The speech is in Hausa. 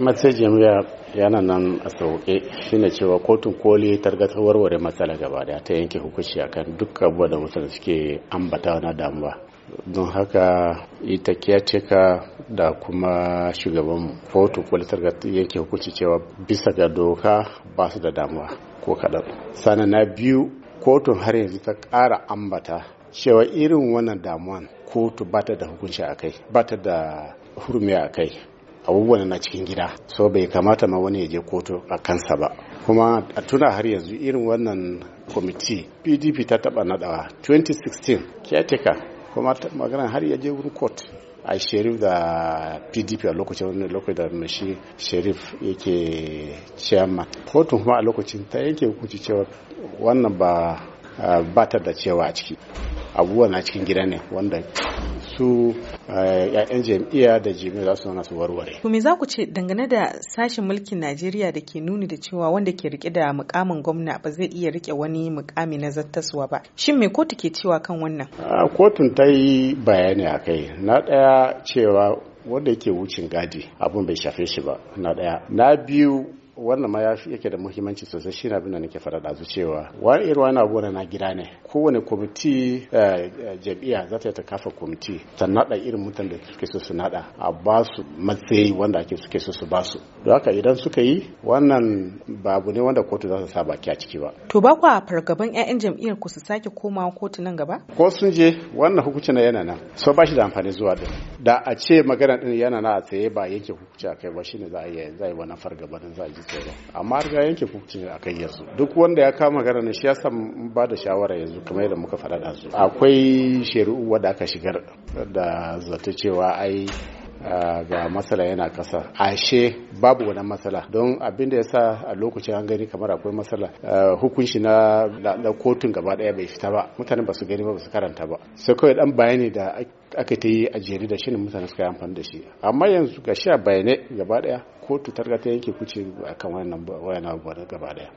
matsajin yana nan a sauke shine cewa kotun koli ta warware matsala gaba daya ta yanke hukunci akan duk abubuwa da mutane suke ambata na damuwa don haka ita cika da kuma shugaban kotun koli ta ta yanke hukunci cewa bisa ga doka ba su da damuwa ko kaɗan sana na biyu kotun har yanzu ta ƙara ambata cewa irin wannan damuwan kotu ba ta da hukunci a kai ba ta da hurumi a kai abubuwan na cikin gida so bai kamata ma wani ya je kotu a kansa ba kuma a tuna har yanzu irin wannan kwamiti pdp ta taba nadawa 2016 caretaker kuma magana har ya je wurin court a sherif da pdp a lokacin wani lokacin da mai shi yake chairman kotun kuma a lokacin ta yanke hukunci cewa wannan ba ba ta da cewa a ciki abubuwa na cikin gida ne wanda su eh, ya'yan jam'iyya da jimi za su zauna su warware. To za ku ce dangane da sashen mulkin Najeriya da ke nuni da cewa wanda ke rike da mukamin gwamna ba zai iya rike wani mukami na zattaswa ba. Shin mai kotu ke cewa kan wannan? Kotun ta yi bayani a kai. Na ɗaya cewa wanda yake wucin gadi abun bai shafe shi ba na ɗaya. Na biyu wannan ma yake da muhimmanci sosai na abin da nake fara dazu cewa wa irin na gona na gida ne kowane kwamiti eh, jam'iyya za ta yi ta kafa kwamiti ta nada irin mutan da suke so su nada a ba su matsayi wanda ake suke so su ba su don haka idan suka yi wannan ba abu ne wanda kotu za ta sa baki a ciki ba. To ba kwa fargaban 'ya'yan jam'iyyar ku su sake komawa kotu nan gaba? Ko sun je wannan hukuncin yana nan. So ba shi da amfani zuwa din. Da a ce magana din yana na a tsaye ba yake hukunci a kai ba ne za a yi za a yi wannan fargaban za a ji tsoro. Amma har ga yanke hukunci a kai yanzu. Duk wanda ya kama magana ne shi ya san ba da shawara yanzu kamar yadda muka faɗa da su. Akwai shari'u wadda aka shigar da zata cewa ai Ah, ga matsala yana kasa ashe babu wani matsala don abin da ya sa a lokacin an gani kamar akwai matsala ah, hukunci na kotun gaba daya bai fita ba mutane ba su gani ba su karanta ba sai kawai dan bayani da aka ta yi a jere da shine mutane suka yi amfani da shi amma yanzu ga sha bayanai gaba daya kotu targata ta yanke kuce akan wannan wayan gaba daya